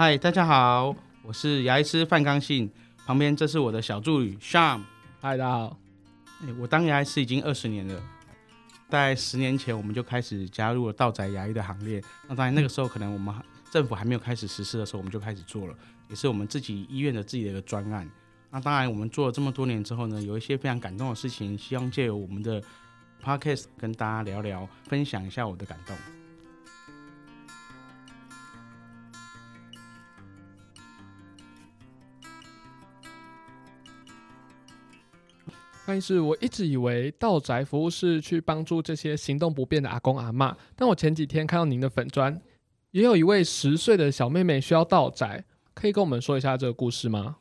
嗨，大家好，我是牙醫師范綱信，旁邊這是我的小助理 Sham。嗨，大家好，哎、欸，我當牙醫師已經二十年了。在十年前，我們就開始加入了到宅牙醫的行列。那當然，那個時候可能我們政府還沒有開始實施的時候，我們就開始做了，也是我們自己醫院的自己的一個專案。那當然，我們做了這麼多年之後呢，有一些非常感動的事情，希望借由我們的 podcast 跟大家聊聊，分享一下我的感動。但是我一直以為到宅服務是去幫助這些行動不便的阿公阿嬤，但我前幾天看到您的粉專，也有一位十歲的小妹妹需要到宅，可以跟我們說一下這個故事嗎？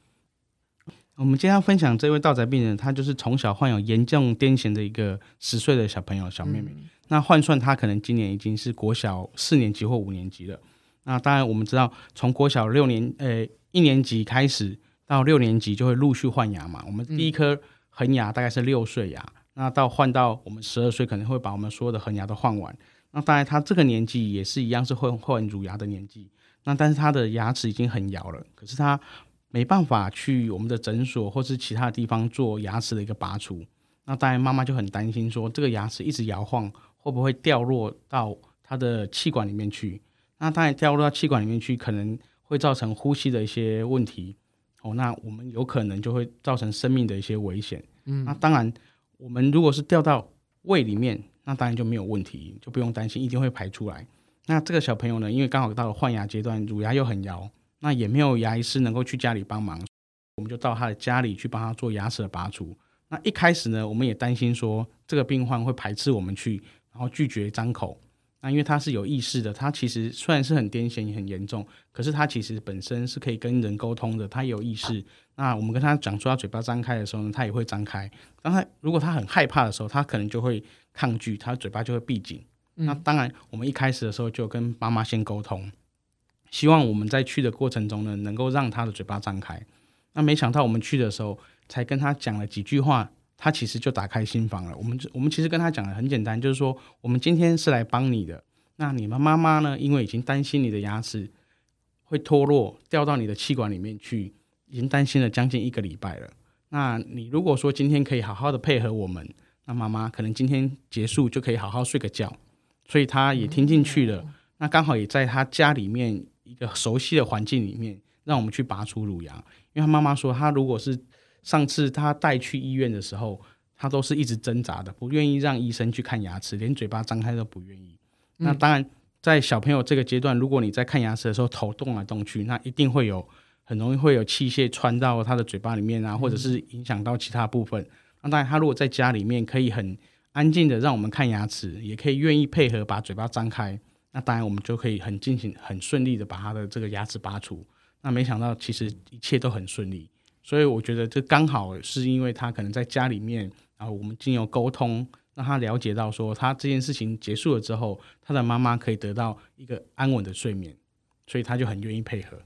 我們今天要分享這位到宅病人，她就是從小患有嚴重癲癇的一個十歲的小朋友小妹妹。嗯、那換算她可能今年已經是國小四年級或五年級了。那當然我們知道，從國小六年呃、欸、一年級開始到六年級就會陸續換牙嘛。我們第一顆、嗯。恆牙大概是六歲牙，那到換到我們十二歲，可能會把我們所有的恆牙都換完。那當然，他這個年紀也是一樣是會換乳牙的年紀。那但是他的牙齒已經很搖了，可是他沒辦法去我們的診所或是其他地方做牙齒的一個拔除。那當然，媽媽就很擔心說，這個牙齒一直搖晃，會不會掉落到他的氣管裡面去？那當然，掉落到氣管裡面去，可能會造成呼吸的一些問題。那我們有可能就會造成生命的一些危險。嗯，那當然，我們如果是掉到胃裡面，那當然就沒有問題，就不用擔心一定會排出來。那這個小朋友呢，因為剛好到了換牙階段，乳牙又很搖，那也沒有牙醫師能夠去家裡幫忙，我們就到他的家裡去幫他做牙齒的拔除。那一開始呢，我們也擔心說這個病患會排斥我們去，然後拒絕張口。因為他是有意識的，他其實雖然是很癲癇也很嚴重，可是他其實本身是可以跟人溝通的，他也有意識。那我們跟他講說他嘴巴張開的時候呢，他也會張開。當他如果他很害怕的時候，他可能就會抗拒，他嘴巴就會閉緊。嗯。那當然，我們一開始的時候就跟媽媽先溝通，希望我們在去的過程中呢，能夠讓他的嘴巴張開。那沒想到我們去的時候，才跟他講了幾句話。他其實就打開心房了。我們就，我們其實跟他講的很簡單，就是說我們今天是來幫你的。那你們媽媽呢？因為已經擔心你的牙齒會脫落掉到你的氣管裡面去，已經擔心了將近一個禮拜了。那你如果說今天可以好好的配合我們，那媽媽可能今天結束就可以好好睡個覺。所以他也聽進去了。嗯嗯嗯嗯，那剛好也在他家裡面一個熟悉的環境裡面，讓我們去拔除乳牙，因為他媽媽說他如果是。上次他帶去醫院的時候，他都是一直掙扎的，不願意讓醫生去看牙齒，連嘴巴張開都不願意。嗯。那當然，在小朋友這個階段，如果你在看牙齒的時候頭動來動去，那一定會有很容易會有器械穿到他的嘴巴裡面啊，嗯。或者是影響到其他部分。那當然，他如果在家裡面可以很安靜的讓我們看牙齒，也可以願意配合把嘴巴張開，那當然我們就可以很進行很順利的把他的這個牙齒拔除。那沒想到，其實一切都很順利。嗯所以我覺得這剛好是因為他可能在家裡面，然後我們經由溝通，讓他了解到說他這件事情結束了之後，他的媽媽可以得到一個安穩的睡眠，所以他就很願意配合。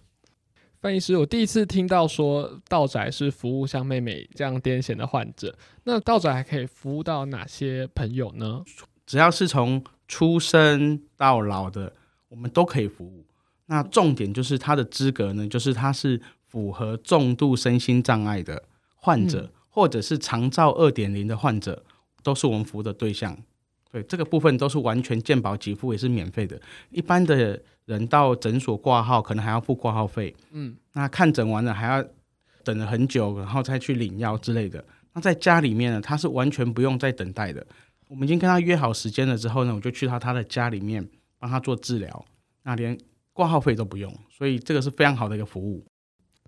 范醫師，我第一次聽到說到宅是服務像妹妹這樣癲癇的患者，那到宅還可以服務到哪些朋友呢？只要是從出生到老的，我們都可以服務。那重點就是他的資格呢，就是他是。符合重度身心障礙的患者，嗯，或者是長照二點零的患者，都是我們服務的對象。對，這個部分都是完全健保給付，也是免費的。一般的人到診所掛號，可能還要付掛號費。嗯，那看診完了還要等了很久，然後再去領藥之類的。那在家裡面呢，他是完全不用再等待的。我們已經跟他約好時間了，之後呢，我就去到他的家裡面幫他做治療。那連掛號費都不用，所以這個是非常好的一個服務。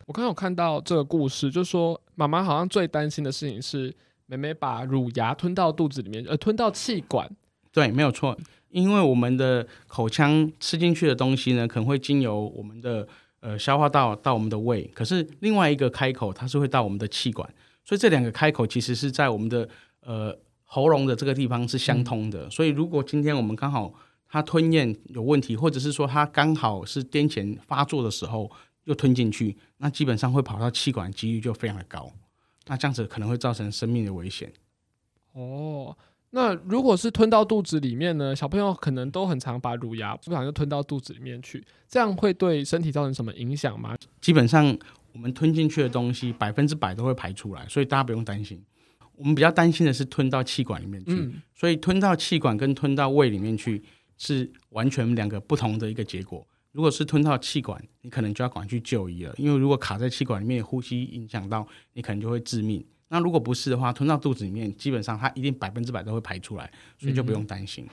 我剛有看到這個故事，就說媽媽好像最擔心的事情是妹妹把乳牙吞到肚子裡面，呃，吞到氣管。對，沒有錯，因為我們的口腔吃進去的東西呢，可能會經由我們的呃消化道到我們的胃，可是另外一個開口它是會到我們的氣管，所以這兩個開口其實是在我們的呃喉嚨的這個地方是相通的，嗯。所以如果今天我們剛好它吞咽有問題，或者是說它剛好是癲癇發作的時候。又吞進去，那基本上會跑到氣管，幾率就非常的高。那這樣子可能會造成生命的危險。哦，那如果是吞到肚子裡面呢？小朋友可能都很常把乳牙不小心就吞到肚子裡面去，這樣會對身體造成什麼影響嗎？基本上，我們吞進去的東西百分之百都會排出來，所以大家不用擔心。我們比較擔心的是吞到氣管裡面去。嗯、所以，吞到氣管跟吞到胃裡面去是完全兩個不同的一個結果。如果是吞到氣管，你可能就要趕快去就醫了，因為如果卡在氣管裡面，呼吸影響到，你可能就會致命。那如果不是的話，吞到肚子裡面，基本上它一定百分之百都會排出來，所以就不用擔心。誒、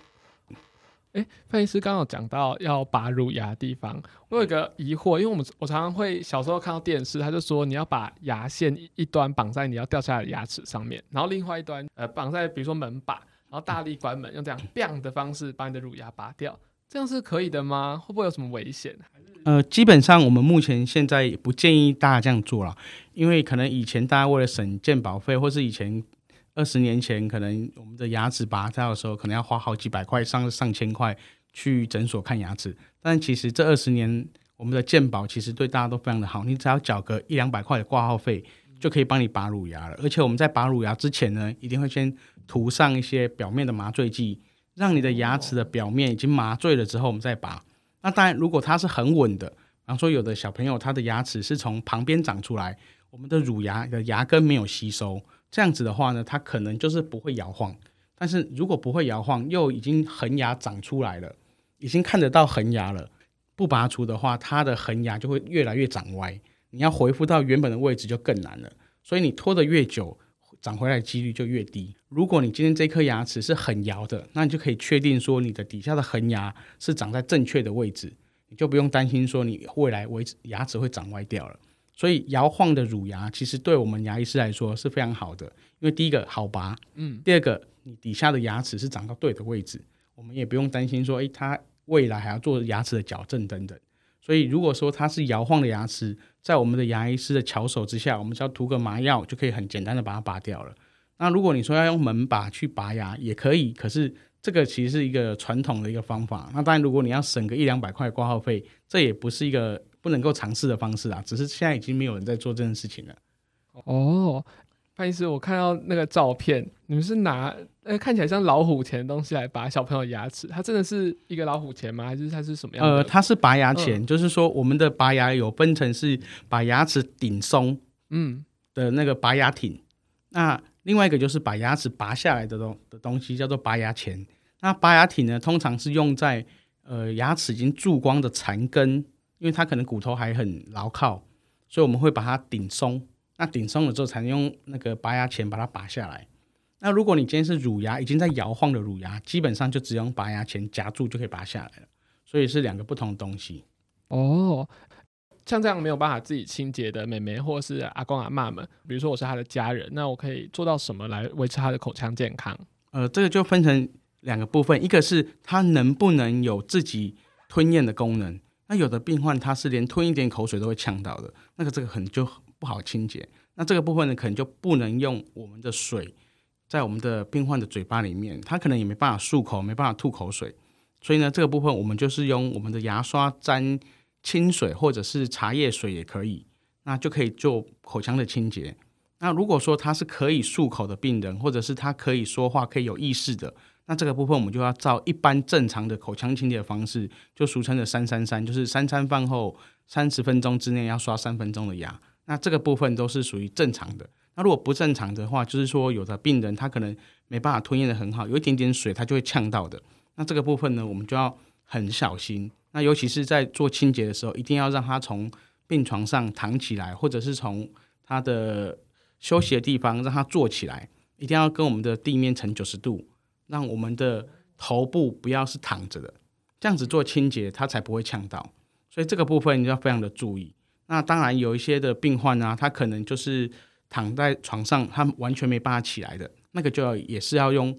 嗯，范、欸、醫師剛有講到要拔乳牙的地方，我有一個疑惑，因為我們我常常會小時候看到電視，他就說，你要把牙線一，一端綁在你要掉下來的牙齒上面，然後另外一端呃綁在比如說門把，然後大力關門，用這樣 bang 的方式把你的乳牙拔掉。這樣是可以的嗎？會不會有什麼危險？呃，基本上我們目前現在也不建議大家這樣做了，因為可能以前大家為了省健保費，或是以前二十年前可能我們的牙齒拔掉的時候，可能要花好幾百塊上上千塊去診所看牙齒。但其實這二十年我們的健保其實對大家都非常的好，你只要繳個一兩百塊的掛號費，嗯，就可以幫你拔乳牙了。而且我們在拔乳牙之前呢，一定會先塗上一些表面的麻醉劑。讓你的牙齒的表面已經麻醉了之後，我們再拔。那當然，如果它是很穩的，比方說有的小朋友他的牙齒是從旁邊長出來，我們的乳牙的牙根沒有吸收，這樣子的話呢，它可能就是不會搖晃。但是如果不會搖晃，又已經恆牙長出來了，已經看得到恆牙了，不拔除的話，它的恆牙就會越來越長歪，你要恢復到原本的位置就更難了。所以你拖得越久，長回來的幾率就越低。如果你今天這顆牙齒是很搖的，那你就可以確定說你的底下的恆牙是長在正確的位置，你就不用擔心說你未來為牙齒會長歪掉了。所以搖晃的乳牙其實對我們牙醫師來說是非常好的，因為第一個好拔，嗯，第二個你底下的牙齒是長到對的位置，我們也不用擔心說，誒、欸、它未來還要做牙齒的矯正等等。所以，如果說它是搖晃的牙齒，在我們的牙醫師的巧手之下，我們只要塗個麻藥，就可以很簡單的把它拔掉了。那如果你說要用門把去拔牙也可以，可是這個其實是一個傳統的一個方法。那當然，如果你要省個一兩百塊的掛號費，這也不是一個不能夠嘗試的方式啊。只是現在已經沒有人在做這件事情了。哦。不好意思，我看到那個照片，你們是拿呃、欸、看起來像老虎鉗的東西來拔小朋友牙齒，它真的是一個老虎鉗嗎？還是它是什麼樣的？呃，它是拔牙鉗、嗯，就是說我們的拔牙有分成是把牙齒頂鬆，嗯，的那個拔牙挺，那另外一個就是把牙齒拔下來的東的東西叫做拔牙鉗。那拔牙挺呢，通常是用在呃牙齒已經蛀光的殘根，因為它可能骨頭還很牢靠，所以我們會把它頂鬆。那頂鬆了之後，才能用那個拔牙鉗把它拔下來。那如果你今天是乳牙，已經在搖晃的乳牙，基本上就只用拔牙鉗夾住就可以拔下來了。所以是兩個不同的東西。哦，像這樣沒有辦法自己清潔的妹妹或是阿公阿嬤們，比如說我是他的家人，那我可以做到什麼來維持他的口腔健康？呃，這個就分成兩個部分，一個是它能不能有自己吞嚥的功能。那有的病患他是連吞一點口水都會嗆到的，那個這個很就很。不好清潔，那這個部分呢，可能就不能用我們的水在我們的病患的嘴巴裡面，他可能也沒辦法漱口，沒辦法吐口水，所以呢，這個部分我們就是用我們的牙刷沾清水或者是茶葉水也可以，那就可以做口腔的清潔。那如果說他是可以漱口的病人，或者是他可以說話、可以有意識的，那這個部分我們就要照一般正常的口腔清潔的方式，就俗稱的三三三，就是三餐飯後三十分鐘之內要刷三分鐘的牙。那這個部分都是屬於正常的。那如果不正常的話，就是說有的病人他可能沒辦法吞嚥得很好，有一點點水他就會嗆到的。那這個部分呢，我們就要很小心。那尤其是在做清潔的時候，一定要讓他從病床上躺起來，或者是從他的休息的地方讓他坐起來，一定要跟我們的地面呈九十度，讓我們的頭部不要是躺着的，這樣子做清潔他才不會嗆到。所以這個部分你要非常的注意。那當然有一些的病患啊，他可能就是躺在床上，他完全沒辦法起來的那個，就要也是要用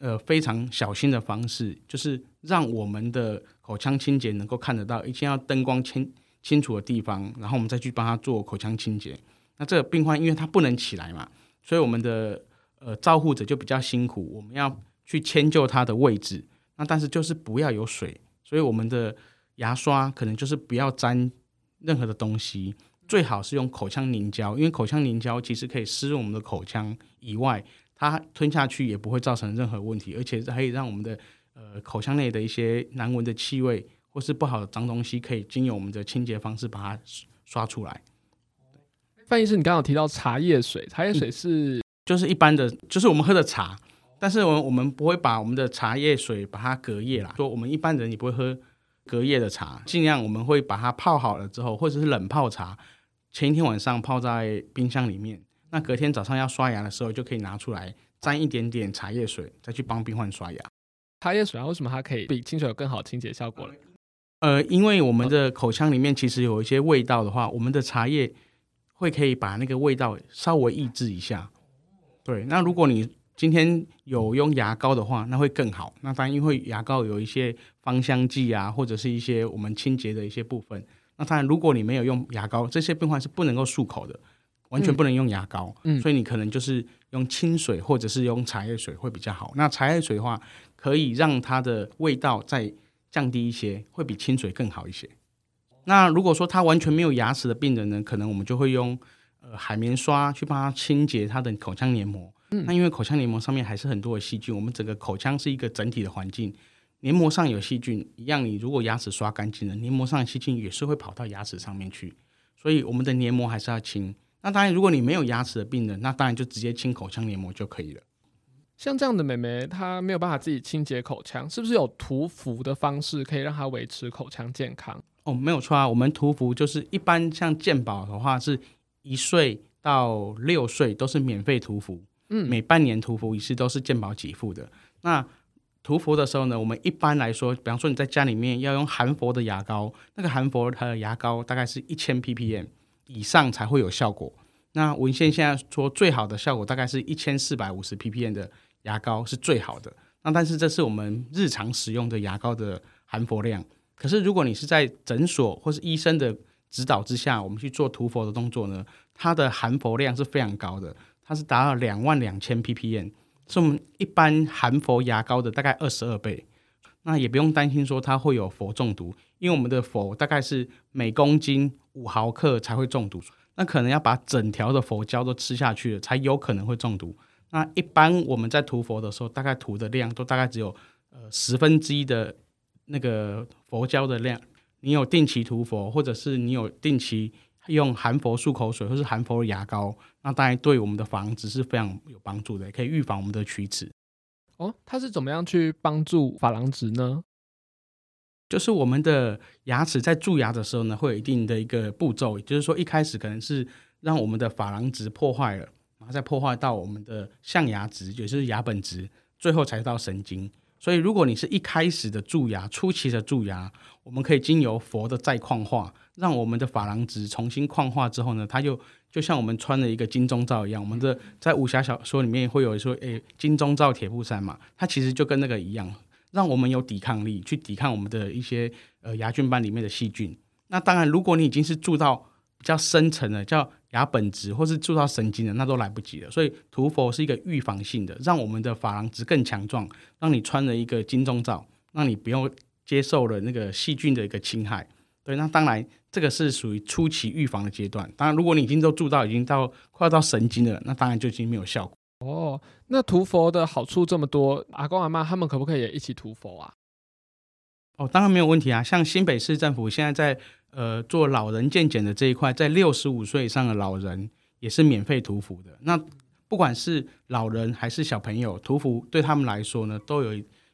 呃非常小心的方式，就是讓我們的口腔清潔能夠看得到，一定要燈光清清楚的地方，然後我們再去幫他做口腔清潔。那這個病患因為他不能起來嘛，所以我們的呃照護者就比較辛苦，我們要去遷就他的位置。那但是就是不要有水，所以我們的牙刷可能就是不要沾。任何的東西最好是用口腔凝膠，因為口腔凝膠其實可以濕潤我們的口腔以外，它吞下去也不會造成任何問題，而且可以讓我們的呃口腔內的一些難聞的氣味或是不好的髒東西，可以經由我們的清潔方式把它刷出來。范醫師，你剛好提到茶葉水，茶葉水是、嗯、就是一般的，就是我們喝的茶，但是我我們不會把我們的茶葉水把它隔夜啦，說我們一般人也不會喝，隔夜的茶，盡量我們會把它泡好了之後，或者是冷泡茶，前一天晚上泡在冰箱裡面。那隔天早上要刷牙的時候，就可以拿出來沾一點點茶葉水，再去幫病患刷牙。茶葉水啊，為什麼它可以比清水有更好的清潔效果呢？呃，因為我們的口腔裡面其實有一些味道的話，我們的茶葉會可以把那個味道稍微抑制一下。對，那如果你。今天有用牙膏的話，那會更好。那當然，因為牙膏有一些芳香劑啊，或者是一些我們清潔的一些部分。那當然，如果你沒有用牙膏，這些病患是不能夠漱口的，完全不能用牙膏。嗯，所以你可能就是用清水或者是用茶葉水會比較好。那茶葉水的話，可以讓它的味道再降低一些，會比清水更好一些。那如果說它完全沒有牙齒的病人呢，可能我們就會用呃海綿刷去幫他清潔他的口腔黏膜。嗯，那因為口腔黏膜上面還是很多的細菌，我們整個口腔是一個整體的環境，黏膜上有細菌一樣。你如果牙齒刷乾淨了，黏膜上的細菌也是會跑到牙齒上面去，所以我們的黏膜還是要清。那當然，如果你沒有牙齒的病人，那當然就直接清口腔黏膜就可以了。像這樣的美眉，她沒有辦法自己清潔口腔，是不是有塗氟的方式可以讓她維持口腔健康？哦，沒有錯啊，我們塗氟就是一般像健保的話，是一歲到六歲都是免費塗氟。嗯，每半年塗氟一次都是健保給付的。那塗氟的時候呢，我們一般來說，比方說你在家裡面要用含氟的牙膏，那個含氟的牙膏大概是一千 ppm 以上才會有效果。那文獻現在說最好的效果大概是一千四百五十 ppm 的牙膏是最好的。那但是這是我們日常使用的牙膏的含氟量。可是如果你是在診所或是醫生的指導之下，我們去做塗氟的動作呢，它的含氟量是非常高的。它是達到兩萬兩千 ppm，是我們一般含氟牙膏的大概二十二倍。那也不用擔心說它會有氟中毒，因為我們的氟大概是每公斤五毫克才會中毒。那可能要把整條的氟膠都吃下去了才有可能會中毒。那一般我們在塗氟的時候，大概塗的量都大概只有呃十分之一的那個氟膠的量。你有定期塗氟，或者是你有定期用含氟漱口水或是含氟牙膏，那當然對我們的琺瑯質是非常有幫助的，也可以預防我們的齲齒。哦，它是怎麼樣去幫助珐琅質呢？就是我們的牙齒在蛀牙的時候呢，會有一定的一個步驟，就是說一開始可能是讓我們的珐琅質破壞了，然後再破壞到我們的象牙質，也就是牙本質，最後才到神經。所以，如果你是一開始的蛀牙，初期的蛀牙，我們可以經由氟的再礦化，讓我們的珐琅質重新礦化之後呢，它就就像我們穿了一個金鐘罩一樣。我們的在武俠小說裡面會有說，誒、欸，金鐘罩、鐵布衫嘛，它其實就跟那個一樣，讓我們有抵抗力去抵抗我們的一些呃牙菌斑裡面的細菌。那當然，如果你已經是蛀到比較深層了，叫牙本質或是蛀到神經的，那都來不及了。所以塗氟是一個預防性的，讓我們的琺瑯質更強壯，讓你穿了一個金鐘罩，讓你不用接受了那個細菌的一個侵害。對，那當然這個是屬於初期預防的階段。當然，如果你已經都蛀到已經到快要到神經了，那當然就已經沒有效果。哦，那塗氟的好處這麼多，阿公阿媽他們可不可以也一起塗氟啊？哦，當然沒有問題啊。像新北市政府現在在。呃，做老人健檢的這一塊，在六十五歲以上的老人也是免費塗氟的。那不管是老人還是小朋友，塗氟對他們來說呢，都有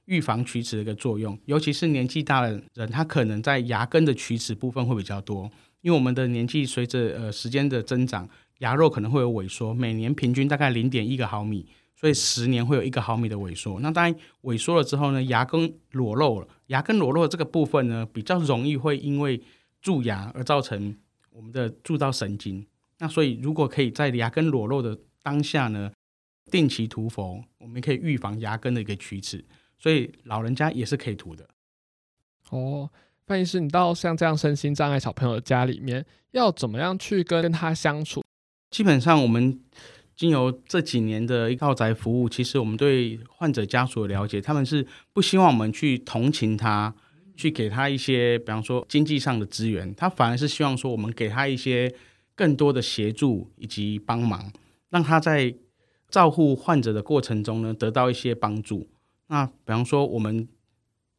預防齲齒的一個作用。尤其是年紀大的人，他可能在牙根的齲齒部分會比較多。因為我們的年紀隨着呃時間的增長，牙肉可能會有萎縮，每年平均大概零點一個毫米，所以十年會有一個毫米的萎縮。那當然萎縮了之後呢，牙根裸露了，牙根裸露這個部分呢，比較容易會因為蛀牙而造成我們的蛀到神經，那所以如果可以在牙根裸露的當下呢，定期塗氟，我們可以預防牙根的一個齲齒，所以老人家也是可以塗的。哦，范醫師，你到像這樣身心障礙小朋友的家裡面，要怎麼樣去跟他相處？基本上，我們經由這幾年的一個到宅服務，其實我們對患者家屬的了解，他們是不希望我們去同情他。去給他一些，比方說經濟上的資源，他反而是希望說我們給他一些更多的協助以及幫忙，讓他在照顧患者的過程中呢，得到一些幫助。那比方說我們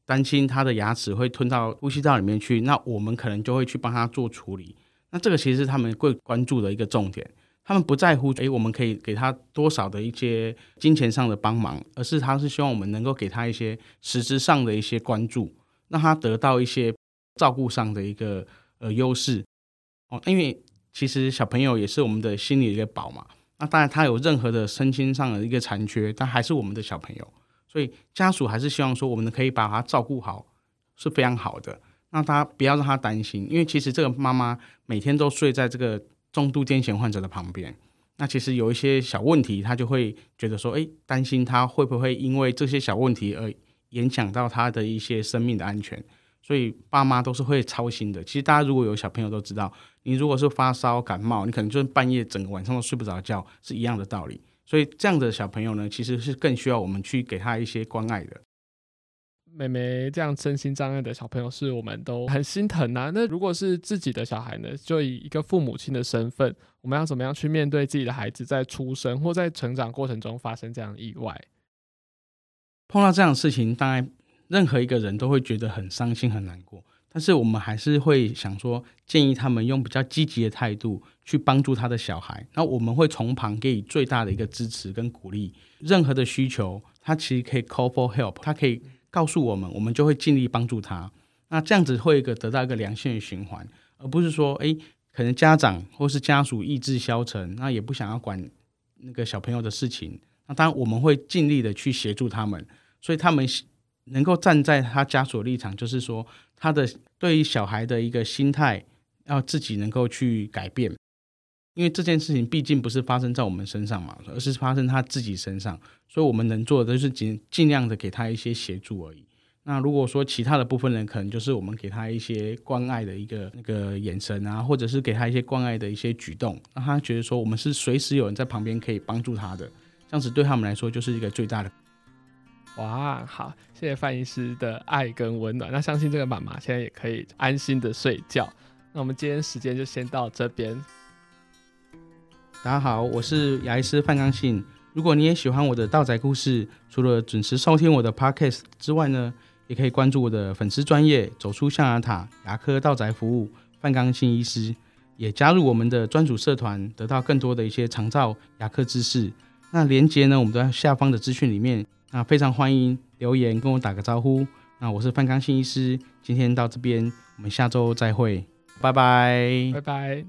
擔心他的牙齒會吞到呼吸道裡面去，那我們可能就會去幫他做處理。那這個其實是他們會關注的一個重點，他們不在乎誒、哎，我們可以給他多少的一些金錢上的幫忙，而是他是希望我們能夠給他一些實質上的一些關注。讓他得到一些照顧上的一個呃優勢哦，因為其實小朋友也是我們的心理一個寶嘛。那當然，他有任何的身心上的一個殘缺，但還是我們的小朋友，所以家屬還是希望說，我們可以把他照顧好是非常好的，讓他不要讓他擔心。因為其實這個媽媽每天都睡在這個重度癲癇患者的旁邊，那其實有一些小問題，他就會覺得說，哎，擔心他會不會因為這些小問題而。影響到他的一些生命的安全，所以爸媽都是會操心的。其實大家如果有小朋友都知道，你如果是發燒、感冒，你可能就半夜整個晚上都睡不着覺，是一樣的道理。所以這樣的小朋友呢，其實是更需要我們去給他一些關愛的。妹妹這樣身心障礙的小朋友，是我們都很心疼吶、啊。那如果是自己的小孩呢，就以一個父母親的身份，我們要怎麼樣去面對自己的孩子在出生或在成長過程中發生這樣意外？碰到這樣的事情，當然任何一個人都會覺得很傷心，很難過，但是我們還是會想說，建議他們用比較積極的態度去幫助他的小孩。那我們會從旁給予最大的一個支持跟鼓勵。任何的需求，他其實可以 call for help，他可以告訴我們，我們就會盡力幫助他。那這樣子會一個得到一個良性的循環，而不是說，誒，可能家長或是家屬意志消沉，那也不想要管那個小朋友的事情。那當然我們會盡力的去協助他們。所以他們能夠站在他家屬的立場，就是說他的對於小孩的一個心態，要自己能夠去改變。因為這件事情畢竟不是發生在我們身上嘛，而是發生他自己身上。所以我們能做的就是盡盡量的給他一些協助而已。那如果說其他的部分人，可能就是我們給他一些關愛的一個那個眼神啊，或者是給他一些關愛的一些舉動啊，讓他覺得說我們是隨時有人在旁邊可以幫助他的，這樣子對他們來說就是一個最大的。哇，好，謝謝范醫師的愛跟溫暖。那相信這個媽媽現在也可以安心的睡覺。那我們今天時間就先到這邊。大家好，我是牙醫師范綱信。如果你也喜歡我的到宅故事，除了準時收聽我的 podcast 之外呢，也可以關注我的粉絲專頁，走出象牙塔牙科到宅服務范綱信醫師，也加入我們的專屬社團，得到更多的一些長照牙科知識。那連結呢，我們在下方的資訊裡面。那非常歡迎留言跟我打個招呼。那我是范綱信醫師，今天到這邊，我們下週再會，拜拜，拜拜。